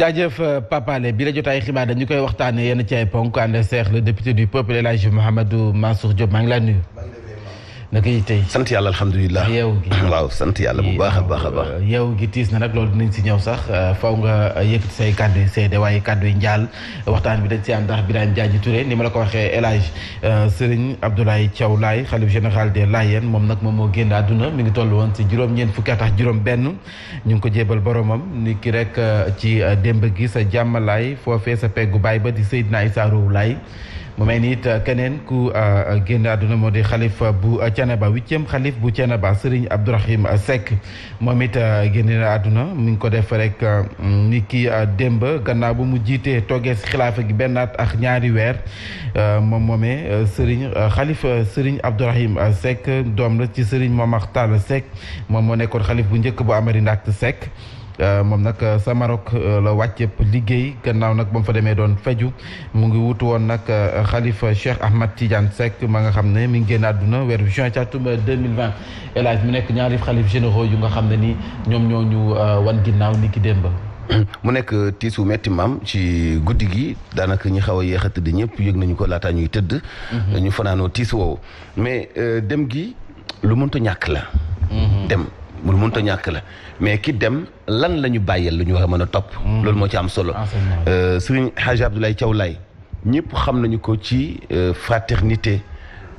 jaajëf euh, papale bi la jotaay xibaar dañu koy waxtaane yenn ci ay ponk ànd seex le député du peuple El Hadji Mouhamadou Mansour Diop maa nag yi tey sant yàlla alhamdulilah yeew gi waaw sant yàlla bu baax a baax a baax yeew gi tiis na nag loolu dinañ si ñëw sax euh, faw nga yëkkati say kàddu yi seede waaye kàddu yi njaal waxtaan bi dañ si am ndax Birane Diadji Touré ni ma la ko waxee El Hadj euh, Serigne Abdoulaye Thiaw Laye xalif général des Layènes moom nag moom moo génn àdduna mi ngi toll woon si juróom-ñeent fukki at ak juróom benn ñu ngi ko jébal boroomam ni ki rek euh, ci démb gi sa jàmmalaay foofee sa peggu baay ba di Seydina Issa Rouhou mu mel uh, keneen ku uh, uh, génn àdduna moo di xalifa bu Thiénaba huitième xalif bu Thiénaba Serigne Abdourahim Seck moom it génne na àdduna mu ngi ko def rek ni ki démb gannaaw ba mu jiitee toogee si xilaafa gi benn at ak ñaari weer moom moomee Serigne xalif Serigne Abdourahim Seck doom la ci Serigne Momar Tall Seck moom moo nekkoon xalif bu njëkk bu Amary Ndack Seck Euh, moom nag euh, sa Maroc euh, la yëpp liggéey gannaaw nag ba mu fa demee doon feju mu ngi wutu woon nag xalifa Cheikh Ahmad Tidiane Seck ma nga xam ne mi ngi génn àdduna weeru juin ca atum 2020 El Hadj mu nekk ñaari xalif généraux yu nga xam ne ni ñoom ñoo ñu wan ginnaaw ni ki démb mu nekk tiisu metti maam ci guddi gi daanaka ñu xaw a yéex a tëdd ñëpp yëg nañu ko laataa ñuy tëdd. Mhm. ñu fanaanoo tiis woow mais dem gi lu mënta ñàkk la. Mhm. dem. mun mënut a ñàkk la mais ki dem lan la ñu bàyyil lu ñu war a mën a topp. Hmm. loolu moo ci am solo. Euh, Serigne Hadj Abdoulaye Thiaw Laye ñëpp xam nañu ko ci euh, fraternité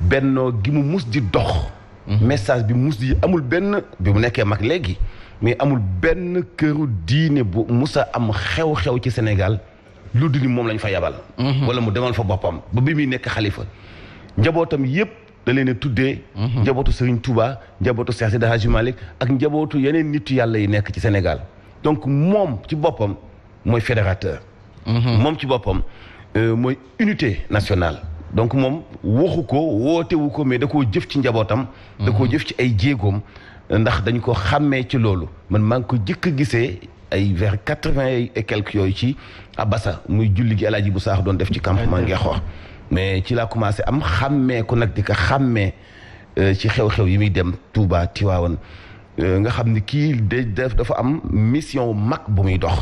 bennoo gi mu mus di dox. Hmm. message bi mus di amul benn bi mu nekkee mag léegi mais amul benn këru diine bu musa am xew-xew ci Sénégal lu dul moom lañ fa yabal. Hmm. wala mu demal fa boppam ba bi muy nekk xalifa njabootam yëpp da leen a tuddee. Mhm. njabootu Serigne Touba njabootu Cheikh Seydi Hadji Malick ak njabootu yeneen nit yàlla yu nekk ci senegal donc moom ci boppam mooy fédérateur. Mhm. moom ci boppam euh, mooy unité national donc moom waxu ko wootewu ko mais da koo jëf ci njabootam. da koo mhm. jëf ci ay jéegoom. ndax dañ ko xàmmee ci loolu man maa ngi ko jëkk a gisee ay vers quatre-vingt et quelques yooyu ci Abassa muy julli gi El Hadji bu saax doon def ci campement Ngexoor. mais ci laa commencé am xàmmee ko nag di ko xàmmee euh, ci xew-xew yi muy dem Touba Tiwaawan euh, nga xam ni kii def dafa am mission mag bu muy dox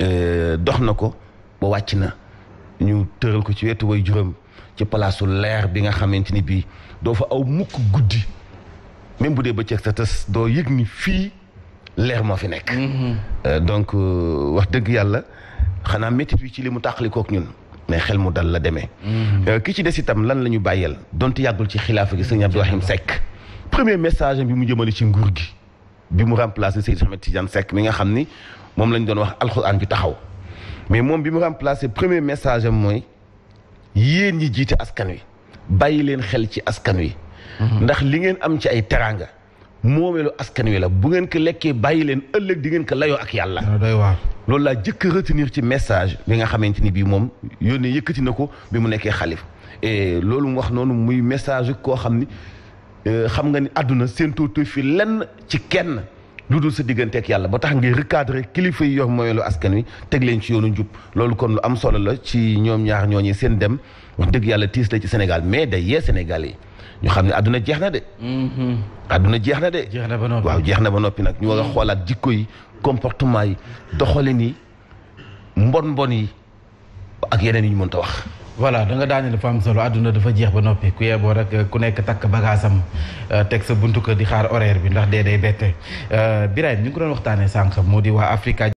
euh, dox na ko ba wàcc na ñu tëral ko ci wetu way juróom ci palaasu leer bi nga xamante ni bii doo fa aw mukk guddi même bu dee ba bëccëg sa tas doo yëg ni fii leer moo fi nekk mm-hmm. donc wax dëgg yàlla xanaa métit wi ci li mu tàqalikook ñun mais xel mu dal la demee. Mm. Euh, ki ci des itam lan la ñu bàyyeel donte yàggul ci xilaafa gi sëñ Abdou Rahim Seck. premier message bi mu jëmale ci nguur gi bi mu remplacé Seydou Ahmed Tidiane Seck mi nga xam ni moom lañ doon wax alxuraan ju taxaw mais moom bi mu remplacé premier message am mooy yéen ñi jiite askan wi bàyyi leen xel ci askan wi. Mm-hmm. ndax li ngeen am ci ay teraanga. moomeelu askan wi la bu ngeen ko lekkee bàyyi leen ëllëg di ngeen ko layoo ak yàlla. Ah, doy waar loolu laa jëkk retenir ci message bi nga xamante ni bii moom yónnee yëkkati na ko bi mu nekkee xalif et loolu mu wax noonu muy message koo xam ni euh, xam nga ni àdduna séentoo toy fi lenn ci kenn. lu dul sa diggante yàlla ba tax ngay recadrer kilifa yi yor mooyelu askan wi teg leen ci yoonu njub loolu kon lu am solo la ci ñoom ñaar ñooñu seen dem wax dëgg yàlla tiis la ci Sénégal mais day yee Sénégal yi ñu xam ne àdduna jeex na de. Mm-hmm. àdduna jeex na de. jeex na ba noppi waaw jeex na ba noppi nag ñu war mm-hmm. xoolaat jikko yi comportement yi doxalin yi mbon mbon yi ak yeneen yi ñu mënta wax. voilà da nga daane dafa am solo àdduna dafa jeex ba noppi ku yeboo rek ku nekk takk bagaasam euh, teg sa buntu kër di xaar horaire bi ndax dee day bette euh, Birahim ñu ngi doon waxtaanee sànq moo di waa Africa.